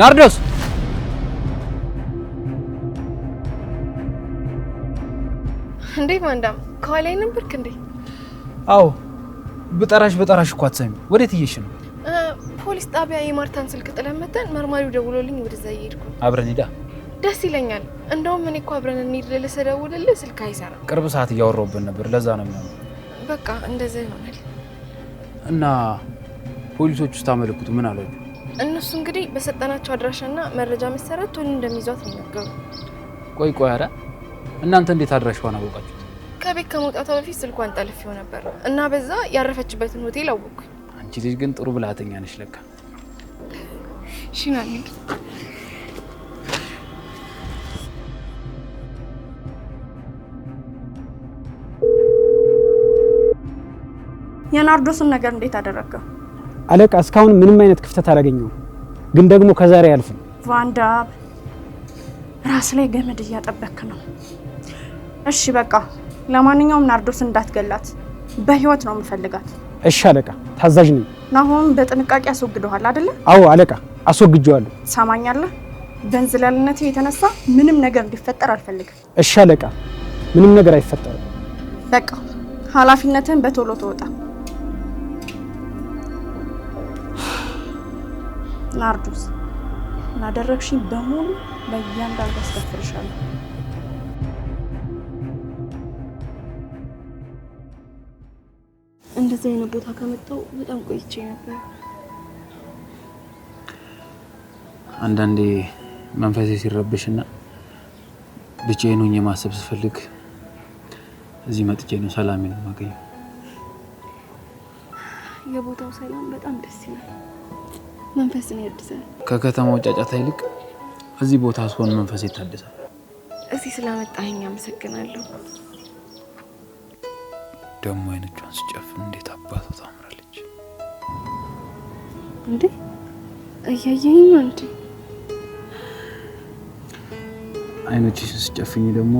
ናርዶስ እንዴ ማንዳም ከኋላ ነበርክ እንዴ? አዎ ብጠራሽ በጠራሽ እኮ አትሰሚም። ወዴት እየሽ ነው? ፖሊስ ጣቢያ የማርታን ስልክ ጥለን መተን መርማሪው ደውሎልኝ ወደዛ እየሄድኩ። አብረን ሂዳ ደስ ይለኛል። እንደውም እኔ እኮ አብረን እንሂድ ልልህ ስደውልልህ ስልክ አይሰራም። ቅርብ ሰዓት እያወራሁብን ነበር። ለዛ ነው የሚሆነው። በቃ እንደዛ ይሆናል። እና ፖሊሶች ውስጥ ምን አሏችሁ? እነሱ እንግዲህ በሰጠናቸው አድራሻና መረጃ መሰረት ቶሎ እንደሚይዟት ነው ቆይ ቆይ፣ አረ እናንተ እንዴት አድራሻዋን አወቃችሁት? ከቤት ከመውጣቷ በፊት ስልኳን ጠልፌው ነበር እና በዛ ያረፈችበትን ሆቴል አወቅኩ። አንቺ ልጅ ግን ጥሩ ብልሃተኛ ነሽ ለካ። ሽናኒ የናርዶስን ነገር እንዴት አደረገው? አለቃ እስካሁን ምንም አይነት ክፍተት አላገኘውም። ግን ደግሞ ከዛሬ አያልፍም። ቫንዳብ ራስ ላይ ገመድ እያጠበክ ነው። እሺ በቃ ለማንኛውም ናርዶስ እንዳትገላት፣ በህይወት ነው የምፈልጋት። እሺ አለቃ፣ ታዛዥ ነኝ። ናሆም በጥንቃቄ አስወግደዋል አይደለ? አዎ አለቃ፣ አስወግጀዋለሁ። ትሰማኛለህ? በእንዝላልነቴ የተነሳ ምንም ነገር እንዲፈጠር አልፈልግም። እሺ አለቃ፣ ምንም ነገር አይፈጠርም። በቃ ኃላፊነትን በቶሎ ተወጣ። ናርዶስ ላደረግሽኝ በሙሉ በእያንዳንዱ አስከፍልሻለሁ። እንደዚህ አይነት ቦታ ከመጣሁ በጣም ቆይቼ ነበር። አንዳንዴ መንፈሴ ሲረብሽና ብቻዬን ሆኜ ማሰብ ስፈልግ እዚህ መጥቼ ነው ሰላሜን የማገኘው። የቦታው ሰላም በጣም ደስ ይላል። መንፈስን ያድሳል። ከከተማው ጫጫታ ይልቅ እዚህ ቦታ ስሆን መንፈስ ይታደሳል። እዚህ ስላመጣኸኝ አመሰግናለሁ። ደግሞ አይኖቿን ስጨፍን እንዴት አባቷ ታምራለች! እንዴ እያየኝ ነው እንዴ? አይኖችሽን ስጨፍኝ ደግሞ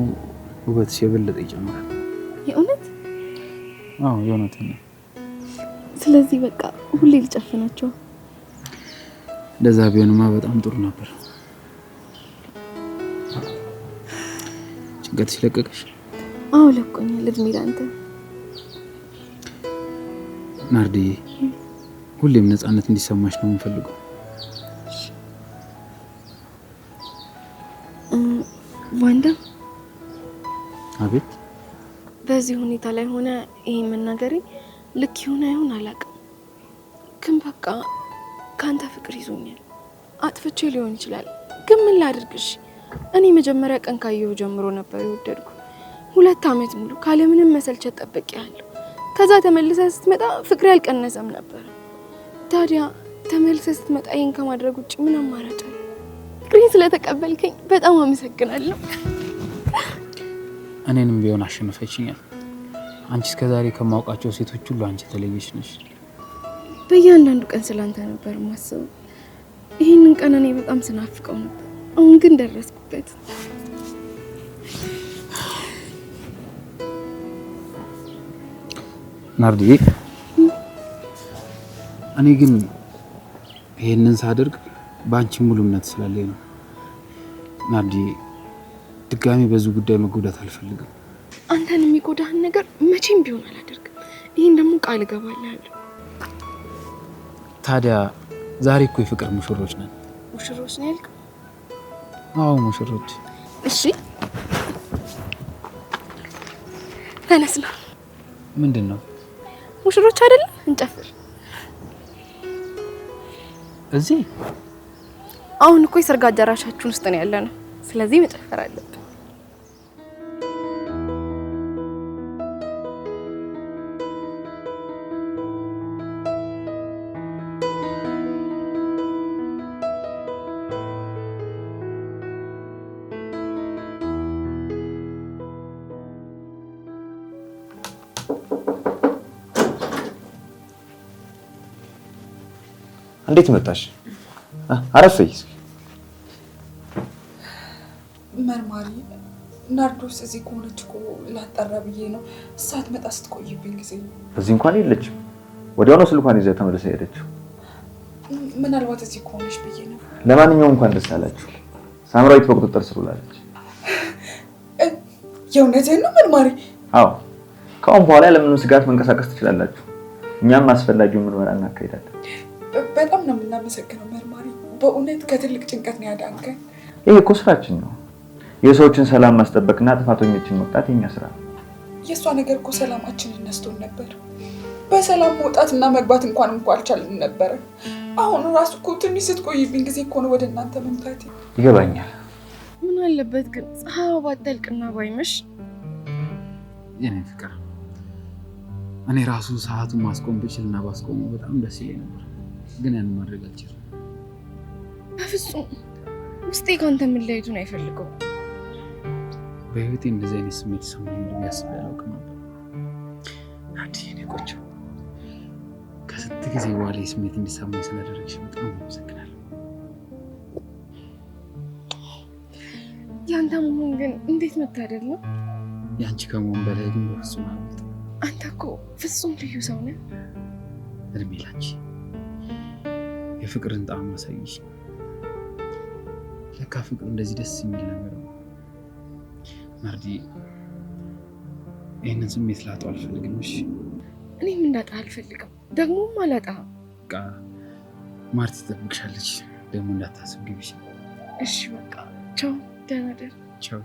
ውበትሽ የበለጠ ይጨምራል። የእውነት? አዎ የእውነት ነው። ስለዚህ በቃ ሁሌ ልጨፍናቸው። እንደዛ ቢሆንማ በጣም ጥሩ ነበር። ጭንቀትሽ ለቀቀሽ? አዎ ለቆኛል። እድሜ ለአንተ ናርድዬ። ሁሌም ነፃነት እንዲሰማሽ ነው የምፈልገው ዋንዳ። አቤት። በዚህ ሁኔታ ላይ ሆነ ይሄ መናገሬ ልክ ይሁን አይሁን አላውቅም፣ ግን በቃ ከአንተ ፍቅር ይዞኛል። አጥፍቼ ሊሆን ይችላል፣ ግን ምን ላድርግሽ? እኔ መጀመሪያ ቀን ካየሁ ጀምሮ ነበር የወደድኩ። ሁለት ዓመት ሙሉ ካለምንም መሰልቸት ጠብቄያለሁ። ከዛ ተመልሰ ስትመጣ ፍቅሬ አልቀነሰም ነበር። ታዲያ ተመልሰ ስትመጣ ይህን ከማድረግ ውጭ ምን አማራጭ አለ? ፍቅሬን ስለተቀበልከኝ በጣም አመሰግናለሁ። እኔንም ቢሆን አሸንፈችኛል። አንቺ እስከዛሬ ከማውቃቸው ሴቶች ሁሉ አንቺ ተለየች ነሽ። በእያንዳንዱ ቀን ስላንተ ነበር ማስበው። ይህንን ቀን እኔ በጣም ስናፍቀው ነበር። አሁን ግን ደረስኩበት። ናርዲዬ፣ እኔ ግን ይህንን ሳደርግ በአንቺ ሙሉ እምነት ስላለኝ ነው። ናርዲዬ፣ ድጋሚ በዚህ ጉዳይ መጎዳት አልፈልግም። አንተን የሚጎዳህን ነገር መቼም ቢሆን አላደርግም። ይህን ደግሞ ቃል እገባልሃለሁ። ታዲያ ዛሬ እኮ የፍቅር ሙሽሮች ነን። ሙሽሮች ነው ያልክ? አዎ ሙሽሮች። እሺ ተነስ ነው። ምንድን ነው? ሙሽሮች አይደለም? እንጨፍር። እዚህ አሁን እኮ የሰርግ አዳራሻችሁን ውስጥ ነው ያለ ነው። ስለዚህ መጨፈር አለብን። እንዴት መጣሽ? አረፈይ መርማሪ ናርዶስ እዚህ ከሆነች እኮ ላጠራ ብዬ ነው። እሳት መጣ ስትቆይብኝ ጊዜ እዚህ እንኳን የለችም። ወዲያው ነው ስልኳን ይዛ ተመልሳ ሄደችው። ምናልባት እዚህ ከሆነች ብዬ ነው። ለማንኛውም እንኳን ደስ አላችሁ። ሳምራዊት በቁጥጥር ስር ውላለች። የእውነቴን ነው መርማሪ? አዎ፣ ከአሁን በኋላ ለምንም ስጋት መንቀሳቀስ ትችላላችሁ። እኛም አስፈላጊውን ምርመራ እናካሄዳለን። በጣም ነው የምናመሰግነው መርማሪ። በእውነት ከትልቅ ጭንቀት ነው ያዳንከን። ይህ እኮ ስራችን ነው። የሰዎችን ሰላም ማስጠበቅና ጥፋተኞችን መቅጣት የኛ ስራ ነው። የእሷ ነገር እኮ ሰላማችንን ነስቶን ነበር። በሰላም መውጣት እና መግባት እንኳን እንኳ አልቻልንም ነበረ። አሁን ራሱ እኮ ትንሽ ስትቆይብኝ ጊዜ እኮ ነው ወደ እናንተ መምጣቴ። ይገባኛል። ምን አለበት ግን ፀሐይ ባጠልቅና ባይመሽ። የኔ ፍቅር፣ እኔ ራሱ ሰዓቱን ማስቆም ብችልና ባስቆሙ በጣም ደስ ይለኝ ነበር። ግን ያንን ማድረግ አልችልም። በፍጹም ውስጤ ከአንተ የምለያየቱን አይፈልገው። በህይወቴ እንደዚህ አይነት ስሜት ሰሞኑን እንደሚያስብ ያላውቅም ነበር። አንድ የኔ ቆንጆ ከስንት ጊዜ በኋላ ስሜት እንዲሰማኝ ስላደረግሽ በጣም አመሰግናለሁ። የአንተ መሆን ግን እንዴት መታደል ነው። የአንቺ ከመሆን በላይ ግን በፍጹም አንተ እኮ ፍጹም ልዩ ሰው ነህ። እድሜ ላንቺ የፍቅርን ጣዕም አሳይሽ። ለካ ፍቅር እንደዚህ ደስ የሚል ነገር ነው። መርዲ፣ ይህንን ስሜት ላጣው አልፈልግም። እሺ፣ እኔም እንዳጣ አልፈልግም። ደግሞም አላጣ። በቃ ማርቲ ትጠብቅሻለች። ደግሞ እንዳታስብ ግቢሽ። እሺ፣ በቃ ቻው። ደህና ደር። ቻው።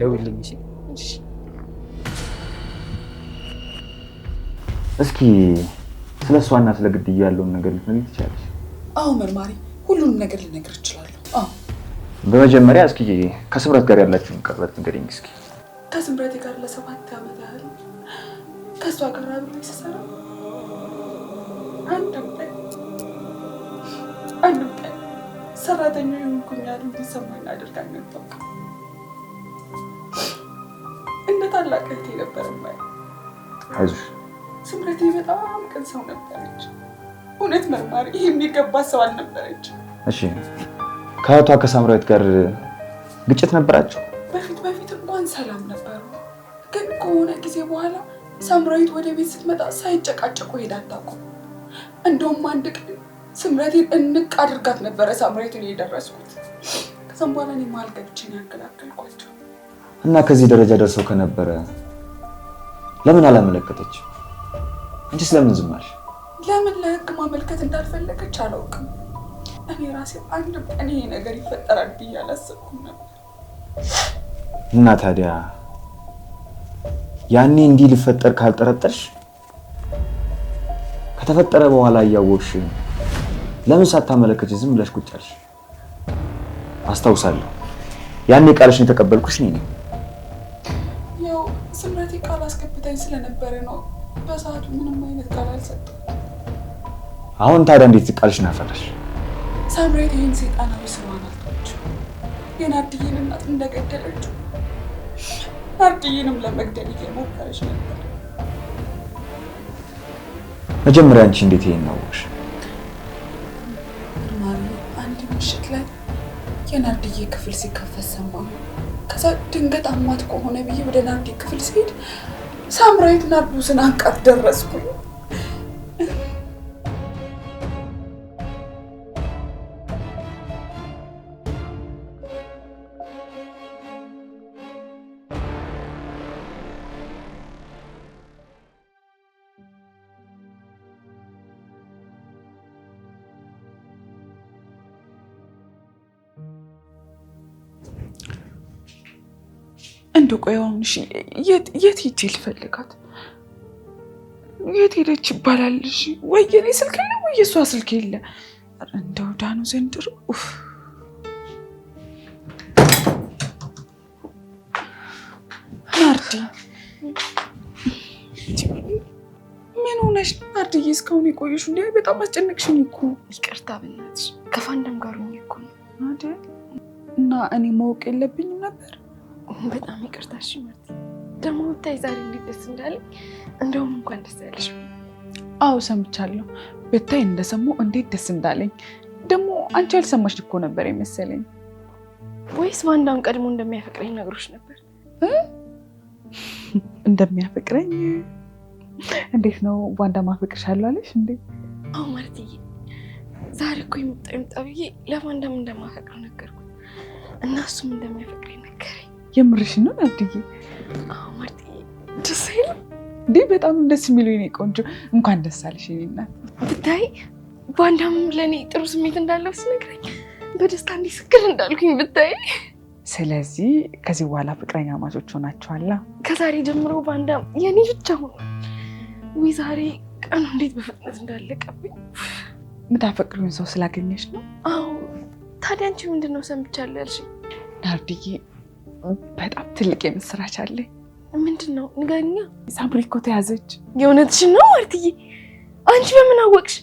ደውልልኝ። እሺ እስኪ ስለ እሷና ስለ ግድያ ያለውን ነገር ልትነግሪኝ ትችላለች? አዎ መርማሪ፣ ሁሉንም ነገር ልነግር እችላለሁ። በመጀመሪያ እስኪ ከስምረት ጋር ያላችሁን ቅርበት ንገሪኝ። እስኪ ከስምረት ጋር ለሰባት ዓመት ያህል ከእሷ ጋር አብሬ ስሰራ አንድ ቀን አንድም ቀን ሰራተኛ የሆንኩኛል እንዲሰማኝ አድርጋ ነጠቅ እንደ ታላቅ እህቴ ነበር። አይዞሽ ስምረቴ በጣም ቅን ሰው ነበረች። እውነት መርማሪ ይህ ሰው አልነበረች። እሺ ከእህቷ ከሳምራዊት ጋር ግጭት ነበራቸው? በፊት በፊት እንኳን ሰላም ነበሩ፣ ግን ከሆነ ጊዜ በኋላ ሳምራዊት ወደ ቤት ስትመጣ ሳይጨቃጨቁ ሄዳ አታውቁም። እንደውም አንድ ቀን ስምረቴን እንቅ አድርጋት ነበረ ሳምራዊትን የደረስኩት። ከዛም በኋላ እኔ መሀል ገብቼ ያገላገልኳቸው። እና ከዚህ ደረጃ ደርሰው ከነበረ ለምን አላመለከተች? እንጂ ለምን ዝም አልሽ? ለምን ለህግ ማመልከት እንዳልፈለገች አላውቅም። እኔ ራሴ አንድ ቀን ይሄ ነገር ይፈጠራል ብዬ አላሰብኩም ነበር። እና ታዲያ ያኔ እንዲህ ሊፈጠር ካልጠረጠርሽ ከተፈጠረ በኋላ እያወቅሽ ለምን ሳታመለከች ዝም ብለሽ ቁጭ አልሽ? አስታውሳለሁ ያኔ ቃልሽን የተቀበልኩሽ እኔ ነኝ። ያው ስምረቴ ቃል አስገብታኝ ስለነበረ ነው በሰዓቱ ምንም አይነት ቃል አልሰጠም። አሁን ታዲያ እንዴት ቃልሽ ናፈረሽ? ሳምራዊት ይህን ሰይጣናዊ ስሟን አልተወችም። የናርድዬን እናት እንደገደለችው ናርድዬንም ለመግደል እየሞከረች ነበር። መጀመሪያ አንቺ እንዴት ይሄን አወቅሽ? አንድ ምሽት ላይ የናርድዬ ክፍል ሲከፈት ሰማሁ። ከዛ ድንገት አማት ከሆነ ብዬ ወደ ናርዲ ክፍል ሲሄድ ሳምራዊትና አቡስን አቃት ደረስኩኝ። እንደ ቆይ አሁንሽ የት ሂጅ ልፈልጋት? የት ሄደች ይባላል? ወይ ስልክ የለ ወይ የእሷ ስልክ የለ። እንደው ዳኑ ዘንድሮ ናርዲ፣ ምን ሆነሽ ናርዲዬ? እስካሁን የቆየሽ እንዲ በጣም አስጨነቅሽኝ እኮ። ይቅርታ በናትሽ፣ ከፋንደም ጋር ሆኜ እኮ ነው። እና እኔ ማወቅ የለብኝም ነበር በጣም ይቅርታሽ ማለት ደግሞ ብታይ ዛሬ እንዴት ደስ እንዳለኝ። እንደውም እንኳን ደስ ያለሽ። አዎ ሰምቻለሁ። ብታይ እንደሰሙ እንዴት ደስ እንዳለኝ። ደግሞ አንቺ ያልሰማሽ እኮ ነበር የመሰለኝ። ወይስ በአንዳም ቀድሞ እንደሚያፈቅረኝ ነገሮች ነበር? እንደሚያፈቅረኝ እንዴት ነው? ባንዳ ማፈቅርሻለሁ አለሽ እንዴ? አዎ ማለትዬ፣ ዛሬ እኮ የምጣ የምጣ ብዬ ለባንዳም እንደማፈቅረው ነገርኩ እና እሱም እንደሚያፈቅረኝ የምርሽ ነው አድጌ? ደስ አይልም እንዴ? በጣም ደስ የሚለው የኔ ቆንጆ፣ እንኳን ደስ አለሽ የኔ እናት። ብታይ በአንዳም ለእኔ ጥሩ ስሜት እንዳለው ሲነግረኝ በደስታ እንዲህ ስክር እንዳልኩኝ ብታይ። ስለዚህ ከዚህ በኋላ ፍቅረኛ ማቾች ሆናችኋላ? ከዛሬ ጀምሮ በአንዳም የኔ ብቻ ሆኖ። ወይ ዛሬ ቀኑ እንዴት በፍጥነት እንዳለቀብኝ። የምታፈቅሪውን ሰው ስላገኘች ነው? አዎ። ታዲያ አንቺ ምንድን ነው ሰምቻለሁ ናርድዬ በጣም ትልቅ የምስራች አለ ምንድን ነው ንገኛ? ሳምሪ እኮ ተያዘች። የእውነትሽን ነው ማርትዬ? አንቺ በምን አወቅሽ?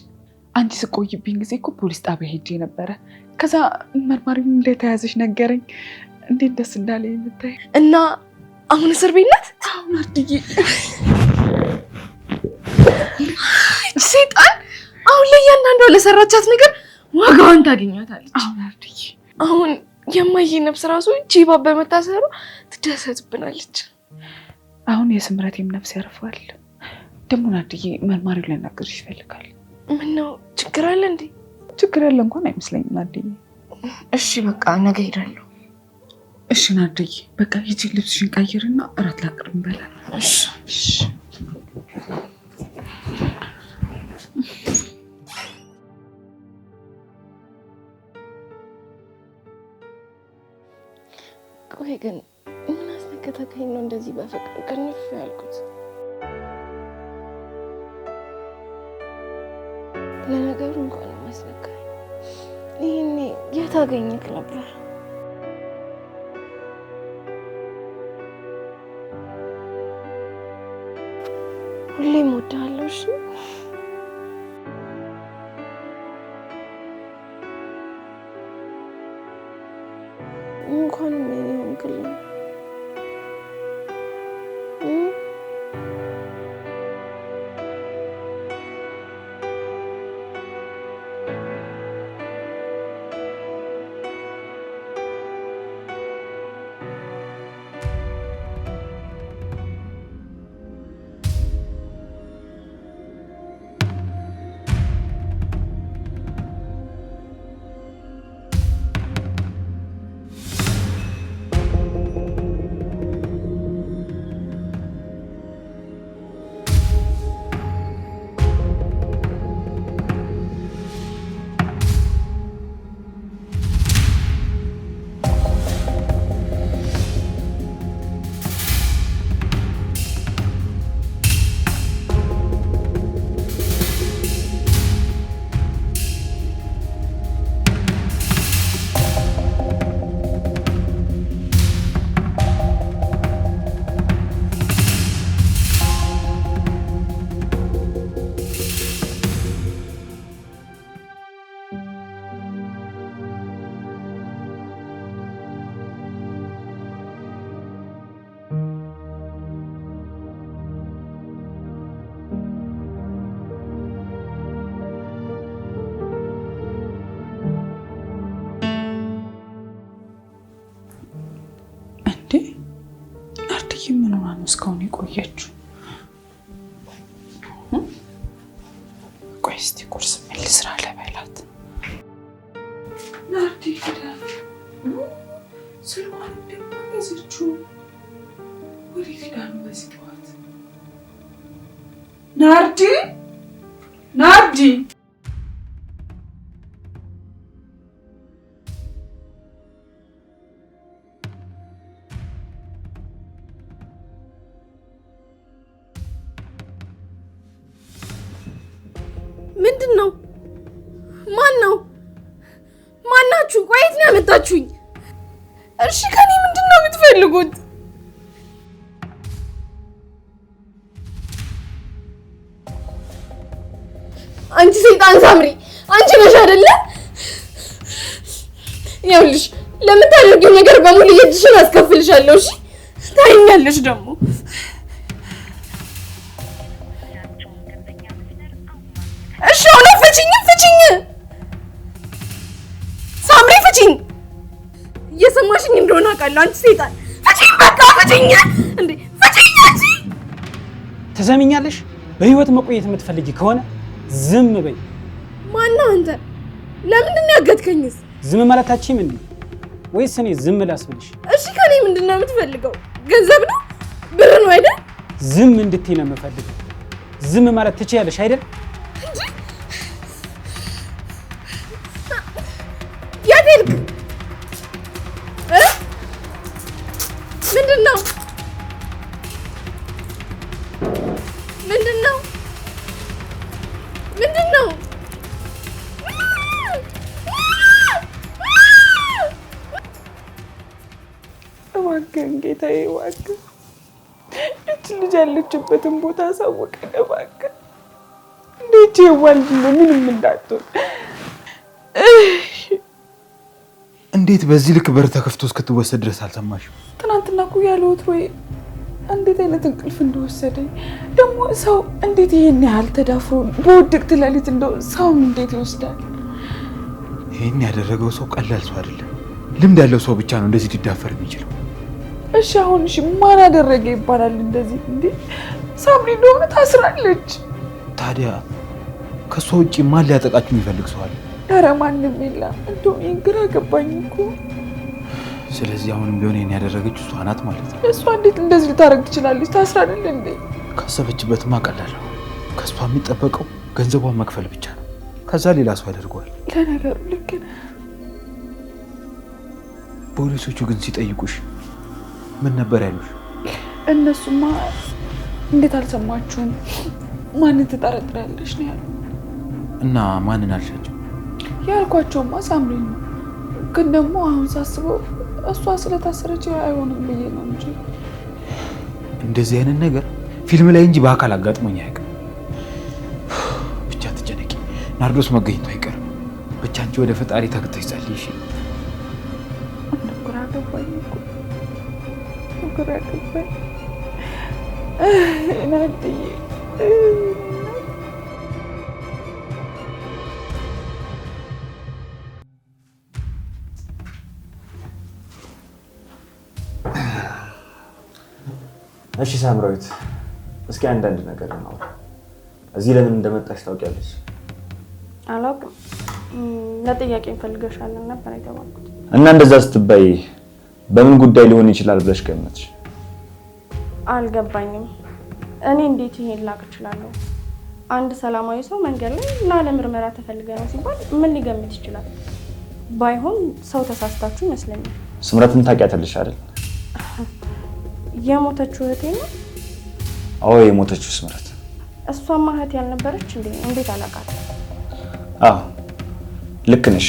አንቺ ስቆይብኝ ጊዜ እኮ ፖሊስ ጣቢያ ሄጄ ነበረ። ከዛ መርማሪም እንደተያዘች ነገረኝ። እንዴት ደስ እንዳለ የምታይ እና አሁን እስር ቤት ናት ማርትዬ። ሴጣን አሁን ላይ ለሰራቻት ነገር ዋጋዋን ታገኛታለች። አሁን የማዬ ነፍስ ራሱ ጂባ በመታሰሩ ትደሰትብናለች። አሁን የስምረቴም ነፍስ ያርፋል ደግሞ ናድዬ መርማሪው ሊያናግርሽ ይፈልጋል። ምነው ችግር አለ እንዴ? ችግር ያለ እንኳን አይመስለኝም ናድዬ። እሺ በቃ ነገ ሄዳለሁ። እሺ ናድዬ፣ በቃ ሂጂ ልብስሽን ቀይርና እራት ላቅርብ እሺ እሺ ቆይ ግን ምን አስነከተከኝ ነው እንደዚህ በፍቅር ክንፍ ያልኩት? ለነገሩ እንኳን ማስነካ ይህኔ የት አገኘክ ነበር? ሁሌም ወዳለሽ እስካሁን የቆየችው? ቆይ እስኪ ቁርስ ምን ልስራ ለበላት። ናርዲ ሄዳል እንደማገዘችው ወደ ናርዲ ናርዲ አመጣችሁኝ? ቆይ የት ነው ያመጣችሁኝ? እሺ ከኔ ምንድን ነው የምትፈልጉት? አንቺ ሰይጣን ሳምሪ፣ አንቺ ነሽ አይደለ? ይኸውልሽ ለምታደርጊው ነገር በሙሉ የእጅሽን አስከፍልሻለሁ። እሺ ታይኛለሽ ደግሞ አውቃለሁ። አንቺ ሰይጣን ፍቺኝ፣ በቃ ፍቺኝ፣ እንዴ ፍቺኝ። አንቺ ትሰሚኛለሽ? በህይወት መቆየት የምትፈልጊ ከሆነ ዝም በይ። ማነው አንተ? ለምንድን ያገትከኝስ? ዝም ማለታችም እንዴ? ወይስ እኔ ዝም ላስብልሽ? እሺ፣ ከኔ ምንድን ነው የምትፈልገው? ገንዘብ ነው ብር ነው አይደል? ዝም እንድትይ ነው የምፈልገው። ዝም ማለት ትችያለሽ አይደል? ያለበትን ቦታ አሳወቀን። እባክህ እንዴት ይዋል ነው ምንም እንዳትሆን። እንዴት በዚህ ልክ በር ተከፍቶ እስክትወሰድ ድረስ አልሰማሽም? ትናንትና እኮ ያለሁት ወይ እንዴት አይነት እንቅልፍ እንደወሰደኝ ደግሞ ሰው እንዴት ይሄን ያህል ተዳፍሮ በውድቅት ሌሊት እንደው ሰውም እንዴት ይወስዳል? ይህን ያደረገው ሰው ቀላል ሰው አይደለም። ልምድ ያለው ሰው ብቻ ነው እንደዚህ ሊዳፈር የሚችለው። እሺ አሁን እሺ ማን አደረገ ይባላል? እንደዚህ እንዴ ሳምሪ እንደሆነ ታስራለች። ታዲያ ከሷ ውጭ ማን ሊያጠቃችሁ የሚፈልግ ሰው አለ? ኧረ ማንም የለም። እንደውም ይሄን ግራ ገባኝ እኮ። ስለዚህ አሁንም ቢሆን ይሄን ያደረገች እሷ ናት ማለት ነው። እሷ እንዴት እንደዚህ ልታደርግ ትችላለች? ታስራለች እንዴ? ካሰበችበትማ ቀላል ነው። ከእሷ የሚጠበቀው ገንዘቧን መክፈል ብቻ ነው። ከዛ ሌላ ሰው ያደርገዋል። ለነገሩ ልክ ነህ። ፖሊሶቹ ግን ሲጠይቁሽ ምን ነበር ያሉሽ? እነሱማ እንዴት አልሰማችሁም? ማንን ትጠረጥሪያለሽ ነው ያሉ። እና ማንን አልሻቸው? ያልኳቸውማ ሳምሪ ነው። ግን ደግሞ አሁን ሳስበው እሷ ስለታሰረች አይሆንም ብዬ ነው እንጂ እንደዚህ አይነት ነገር ፊልም ላይ እንጂ በአካል አጋጥሞኝ አያውቅም። ብቻ ትጨነቂ፣ ናርዶስ መገኘቱ አይቀርም። ብቻ አንቺ ወደ ፈጣሪ ተግተሽ ጸልይ። እሺ? ግራ ናድዬ እሺ ሳምራዊት፣ እስኪ አንዳንድ ነገር እናውራ። እዚህ ለምን እንደመጣሽ ታውቂያለሽ? አላውቅም። ለጥያቄ እንፈልገሻለን ነበር የተባልኩት እና እንደዛ ስትባይ በምን ጉዳይ ሊሆን ይችላል ብለሽ ገመትሽ? አልገባኝም። እኔ እንዴት ይሄን ላቅ እችላለሁ? አንድ ሰላማዊ ሰው መንገድ ላይ ላለ ለምርመራ ተፈልገ ነው ሲባል ምን ሊገምት ይችላል? ባይሆን ሰው ተሳስታችሁ ይመስለኛል። ስምረትን ታውቂያታለሽ አይደል? የሞተችው እህቴ ነው። አዎ የሞተችው ስምረት። እሷማ እህት ያልነበረች እንዴ? እንዴት አላውቃትም? አዎ ልክ ነሽ፣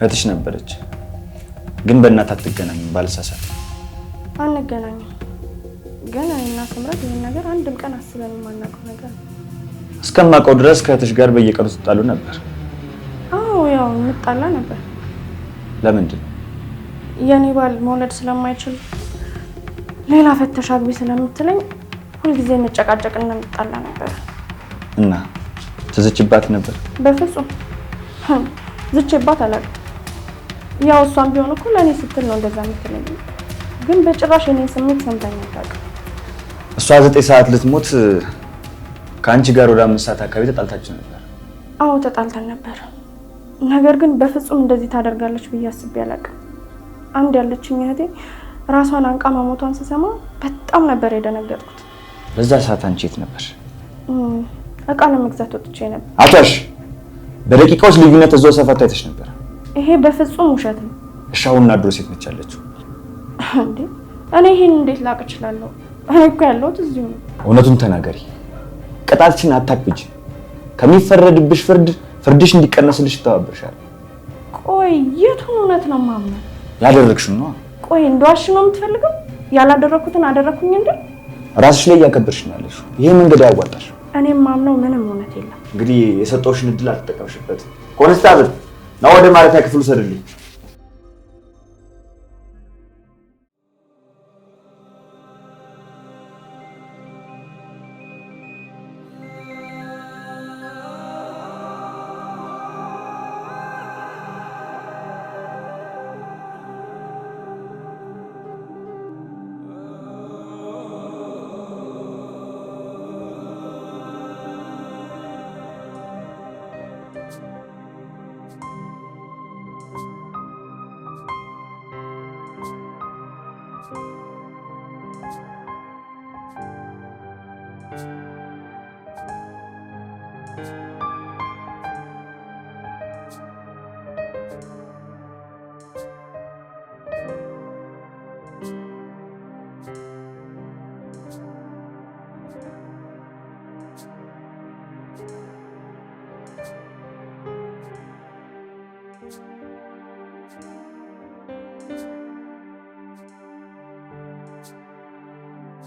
እህትሽ ነበረች። ግን በእናት አትገናኝም? ባልሳሳት አንገናኝም። ግን እኔና ስምረት ይህን ነገር አንድም ቀን አስበን የማናውቀው ነገር እስከማውቀው ድረስ ከእህትሽ ጋር በየቀኑ ትጣሉ ነበር? አዎ ያው እንጣላ ነበር። ለምንድን ነው? የኔ ባል መውለድ ስለማይችል ሌላ ፈተሽ አግቢ ስለምትለኝ ሁልጊዜ እንጨቃጨቅ እንጣላ ነበር። እና ትዝችባት ነበር? በፍጹም ዝቼባት አላውቅም። ያው እሷም ቢሆን እኮ ለእኔ ስትል ነው እንደዛ የምትለኝ፣ ግን በጭራሽ እኔ ስሜት ሰምታኝ አታውቅም። እሷ ዘጠኝ ሰዓት ልትሞት ከአንቺ ጋር ወደ አምስት ሰዓት አካባቢ ተጣልታችን ነበር። አዎ ተጣልተን ነበር። ነገር ግን በፍጹም እንደዚህ ታደርጋለች ብዬ አስቤ አላውቅም። አንድ ያለችኝ እህቴ ራሷን አንቃ መሞቷን ስሰማ በጣም ነበር የደነገጥኩት። በዛ ሰዓት አንቺ የት ነበር? እቃ ለመግዛት ወጥቼ ነበር። አቶሽ በደቂቃዎች ልዩነት እዛው ሰፈር ታይተሽ ነበር። ይሄ በፍጹም ውሸት ነው። እሻውና ድሮ ሴት ነች ያለችው። እንዴ እኔ ይሄን እንዴት ላቅ እችላለሁ? እኔ እኮ ያለሁት እዚሁ ነው። እውነቱን ተናገሪ። ቅጣትሽን አታክብጅ። ከሚፈረድብሽ ፍርድ ፍርድሽ እንዲቀነስልሽ ይተባበርሻል። ቆይ የቱን እውነት ነው ማምነው? ያደረግሽው ነው። ቆይ እንደዋሽ ነው የምትፈልገው? ያላደረኩትን አደረኩኝ እንዴ? ራስሽ ላይ እያከበርሽ ነው ያለሽ። ይሄ መንገድ አያዋጣሽ። እኔም ማምነው ምንም እውነት የለም። እንግዲህ የሰጠውሽን እድል አልተጠቀምሽበት ኮንስታብል ና ወደ ማለፊያ ክፍል ውሰድልኝ።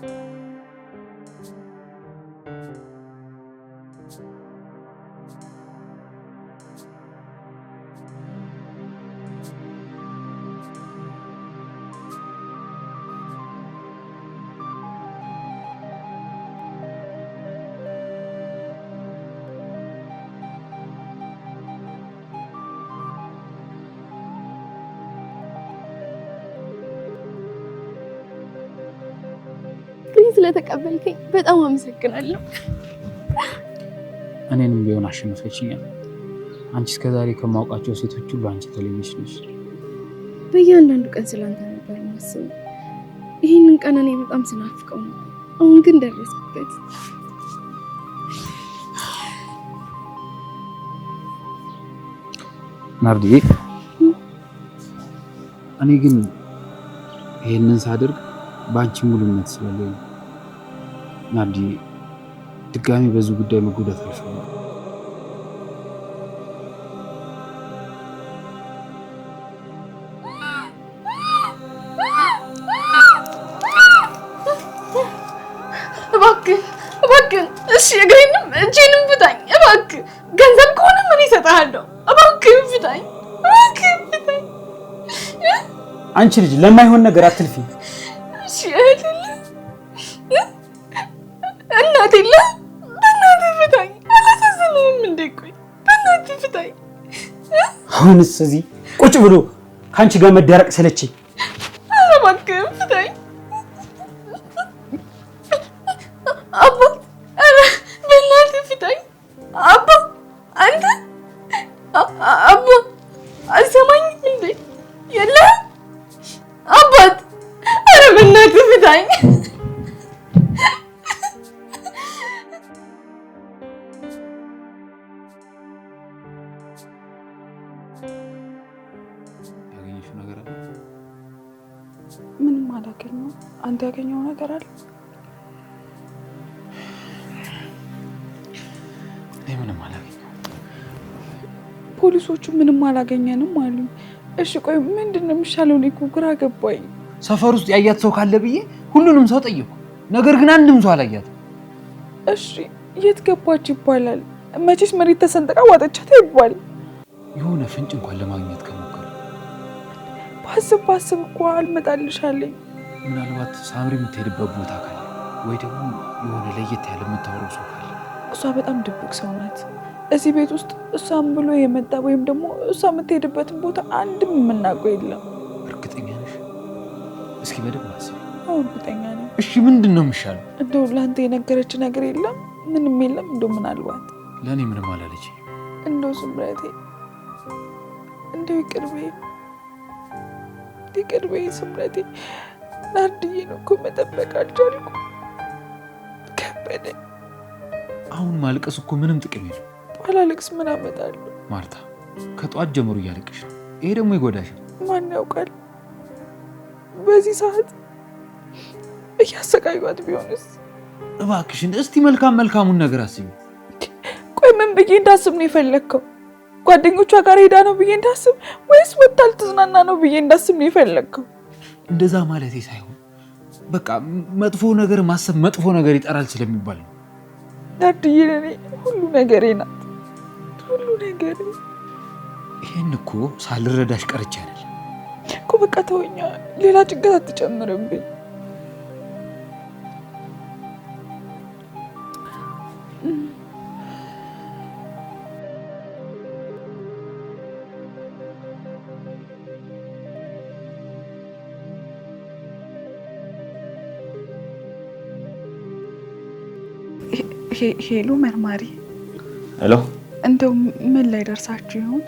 Música ስለተቀበልከኝ በጣም አመሰግናለሁ። እኔንም ቢሆን አሸንፈችኛል። አንቺ እስከዛሬ ከማውቃቸው ሴቶች ሁሉ አንቺ ተለየች ነሽ። በእያንዳንዱ ቀን ስላንተ ነበር ማስበው። ይህንን ቀን እኔ በጣም ስናፍቀው ነው። አሁን ግን ደረስበት። ናርዲዬ፣ እኔ ግን ይህንን ሳደርግ በአንቺ ሙሉነት ስላለ ናዲ ድጋሚ በዙ ጉዳይ መጎዳት አልፈልግም። እሺ እግሬንም እጄንም ፍታኝ እባክህ። ገንዘብ ከሆነ ምን ይሰጥሃለሁ? እባክህ ፍታኝ፣ እባክህ ፍታኝ። አንቺ ልጅ ለማይሆን ነገር አትልፊ። አሁንስ እዚህ ቁጭ ብሎ ከአንቺ ጋር መዳረቅ ሰለችኝ። አላገኘንም አሉ። እሺ ቆይ ምንድን ነው የሚሻለው? እኔ እኮ ግራ ገባኝ። ሰፈር ውስጥ ያያት ሰው ካለ ብዬ ሁሉንም ሰው ጠየኩ፣ ነገር ግን አንድም ሰው አላያት። እሺ የት ገባች ይባላል? መቼስ መሬት ተሰንጥቃ ዋጠቻት ይባል የሆነ ፍንጭ እንኳን ለማግኘት ከሞከረ ባስብ ባስብ እኮ አልመጣልሻለኝ። ምናልባት ሳምሪ የምትሄድበት ቦታ ካለ ወይ ደግሞ የሆነ ለየት ያለ የምታወረው ሰው ካለ እሷ በጣም ድብቅ ሰው ናት። እዚህ ቤት ውስጥ እሷም ብሎ የመጣ ወይም ደግሞ እሷ የምትሄድበትን ቦታ አንድም የምናውቀው የለም። እርግጠኛ ነሽ? እስኪ በደንብ አስቢ። እርግጠኛ ነኝ። እሺ ምንድን ነው የሚሻለው? እንደው ለአንተ የነገረች ነገር የለም? ምንም የለም? እንደው ምናልባት ለእኔ ምንም አላለች። እንደው ስምረቴ፣ እንደው ይቅርቤ፣ ይቅርቤ ስምረቴ። ነው እኮ መጠበቅ አልቻልኩም፣ ከበደ። አሁን ማልቀስ እኮ ምንም ጥቅም የለው አላለቅስ ምን አመጣለሁ? ማርታ ከጧት ጀምሮ እያለቅሽ ነው። ይሄ ደግሞ ይጎዳሻል። ማን ያውቃል? በዚህ ሰዓት እያሰቃዩት ቢሆንስ? እባክሽን እስቲ መልካም መልካሙን ነገር አስቢ። ቆይ ምን ብዬ እንዳስብ ነው የፈለግከው? ጓደኞቿ ጋር ሄዳ ነው ብዬ እንዳስብ ወይስ ወታ ልትዝናና ነው ብዬ እንዳስብ ነው የፈለግከው? እንደዛ ማለት ሳይሆን በቃ መጥፎ ነገር ማሰብ መጥፎ ነገር ይጠራል ስለሚባል ነው። ዳድዬ ለኔ ሁሉ ነገሬ ና ነገር ይህን እኮ ሳልረዳሽ ቀርቼ አይደለም እኮ። በቃ ተወኛ፣ ሌላ ጭንቀት አትጨምርብኝ። ሄሎ መርማሪ፣ ሄሎ እንደው ምን ላይ ደርሳችሁ ይሆን?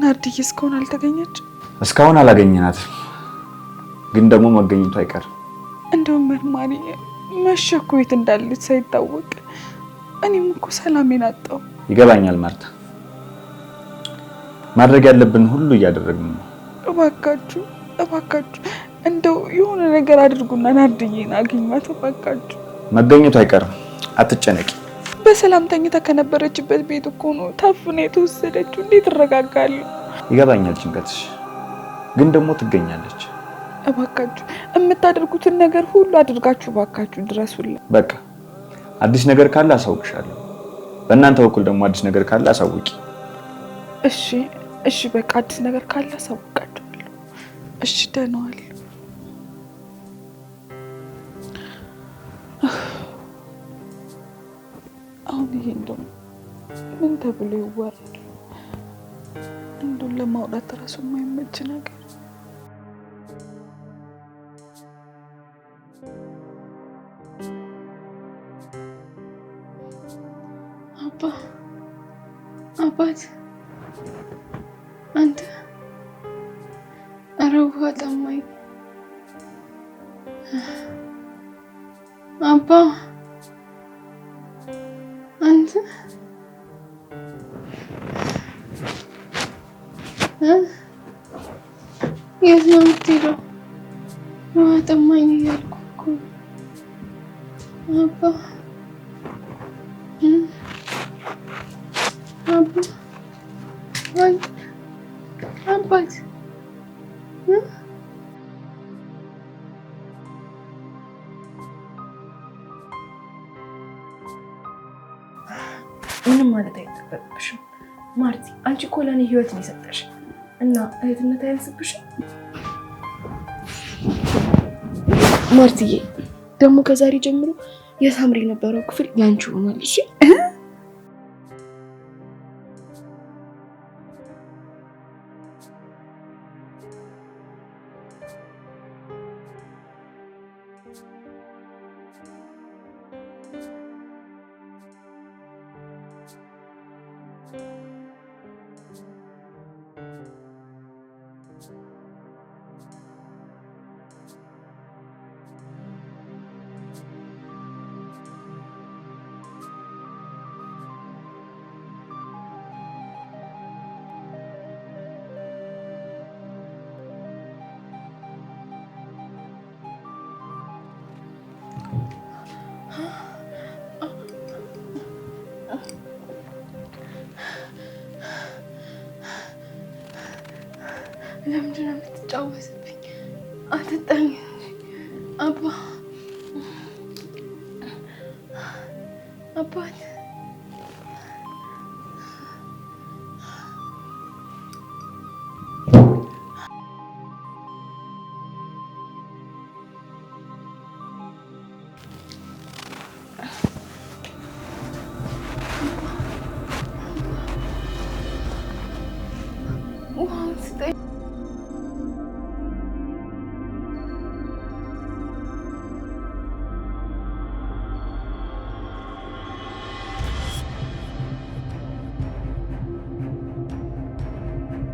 ናርድዬ እስካሁን አልተገኘች። እስካሁን አላገኘናት፣ ግን ደግሞ መገኘቱ አይቀርም። እንደው መርማሪ መሸኮ ቤት እንዳለች ሳይታወቅ እኔም እኮ ሰላሜን አጣው። ይገባኛል ማርታ፣ ማድረግ ያለብን ሁሉ እያደረግን ነው። እባካችሁ እባካችሁ እንደው የሆነ ነገር አድርጉና ናርድዬን አገኛት እባካችሁ። መገኘቱ አይቀርም፣ አትጨነቂ። በሰላም ተኝታ ከነበረችበት ቤት እኮ ነው ታፍና የተወሰደችው። እንዴት እረጋጋለሁ? ይገባኛል ጭንቀትሽ፣ ግን ደግሞ ትገኛለች። እባካችሁ የምታደርጉትን ነገር ሁሉ አድርጋችሁ እባካችሁ ድረሱልን። በቃ አዲስ ነገር ካለ አሳውቅሻለሁ። በእናንተ በኩል ደግሞ አዲስ ነገር ካለ አሳውቂ። እሺ፣ እሺ፣ በቃ አዲስ ነገር ካለ አሳውቃችኋለሁ። እሺ፣ ደህና ዋል አሁን ይሄ እንደው ምን ተብሎ ይወራል? እንደው ለማውጣት እራሱ የማይመች ነገር አባ አባት አንተ ኧረ ውሃ ጠማኝ አባ አይጠበቅብሽም። ማርቲ አንቺ እኮ ለእኔ ህይወት ነው የሰጠሽ እና እህትነት አያንስብሽም። ማርትዬ ደግሞ ከዛሬ ጀምሮ የሳምሪ የነበረው ክፍል ያንቺ ሆኗል። እሺ ለምንድን ነው የምትጫወትብኝ? አትጠኝ አባ